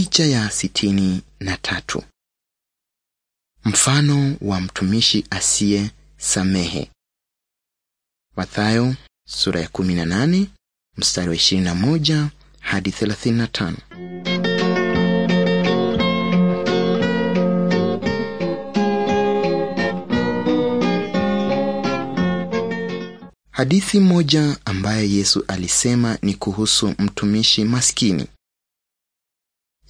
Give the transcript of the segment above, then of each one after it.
Picha ya sitini na tatu. Mfano wa mtumishi asiye samehe. Mathayo sura ya nane mstari wa na moja hadi thelathini na 35. Hadithi moja ambaye Yesu alisema ni kuhusu mtumishi maskini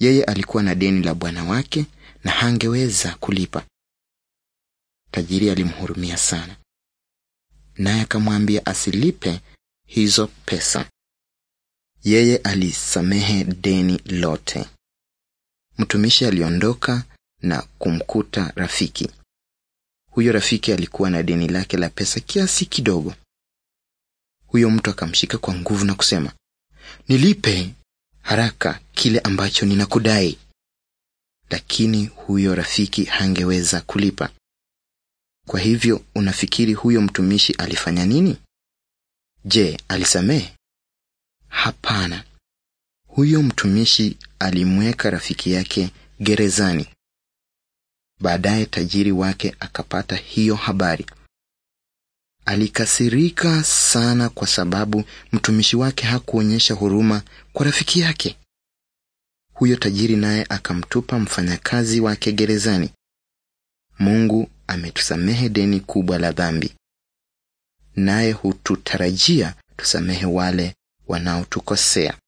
yeye alikuwa na deni la bwana wake na hangeweza kulipa. Tajiri alimhurumia sana, naye akamwambia asilipe hizo pesa. Yeye alisamehe deni lote. Mtumishi aliondoka na kumkuta rafiki. Huyo rafiki alikuwa na deni lake la pesa kiasi kidogo. Huyo mtu akamshika kwa nguvu na kusema, nilipe haraka, kile ambacho ninakudai, lakini huyo rafiki hangeweza kulipa. Kwa hivyo unafikiri huyo mtumishi alifanya nini? Je, alisamehe? Hapana. Huyo mtumishi alimweka rafiki yake gerezani. Baadaye tajiri wake akapata hiyo habari. Alikasirika sana kwa sababu mtumishi wake hakuonyesha huruma kwa rafiki yake huyo tajiri naye akamtupa mfanyakazi wake gerezani. Mungu ametusamehe deni kubwa la dhambi, naye hututarajia tusamehe wale wanaotukosea.